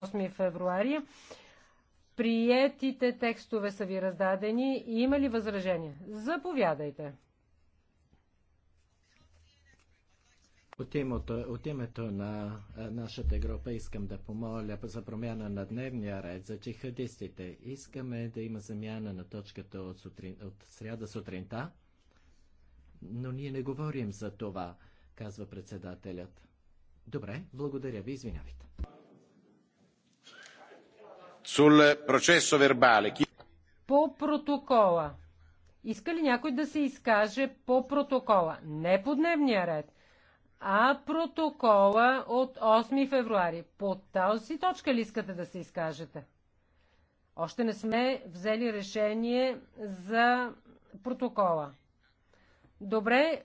8 февруари. Приетите текстове са ви раздадени. Има ли възражения? Заповядайте. От името, от името на нашата група искам да помоля за промяна на дневния ред за чехадистите. Искаме да има замяна на точката от, сутрин, от сряда сутринта, но ние не говорим за това, казва председателят. Добре, благодаря ви, извинявайте. Sul processo verbale. По протокола. Иска ли някой да се изкаже по протокола? Не по дневния ред, а протокола от 8 февруари. По тази точка ли искате да се изкажете? Още не сме взели решение за протокола. Добре,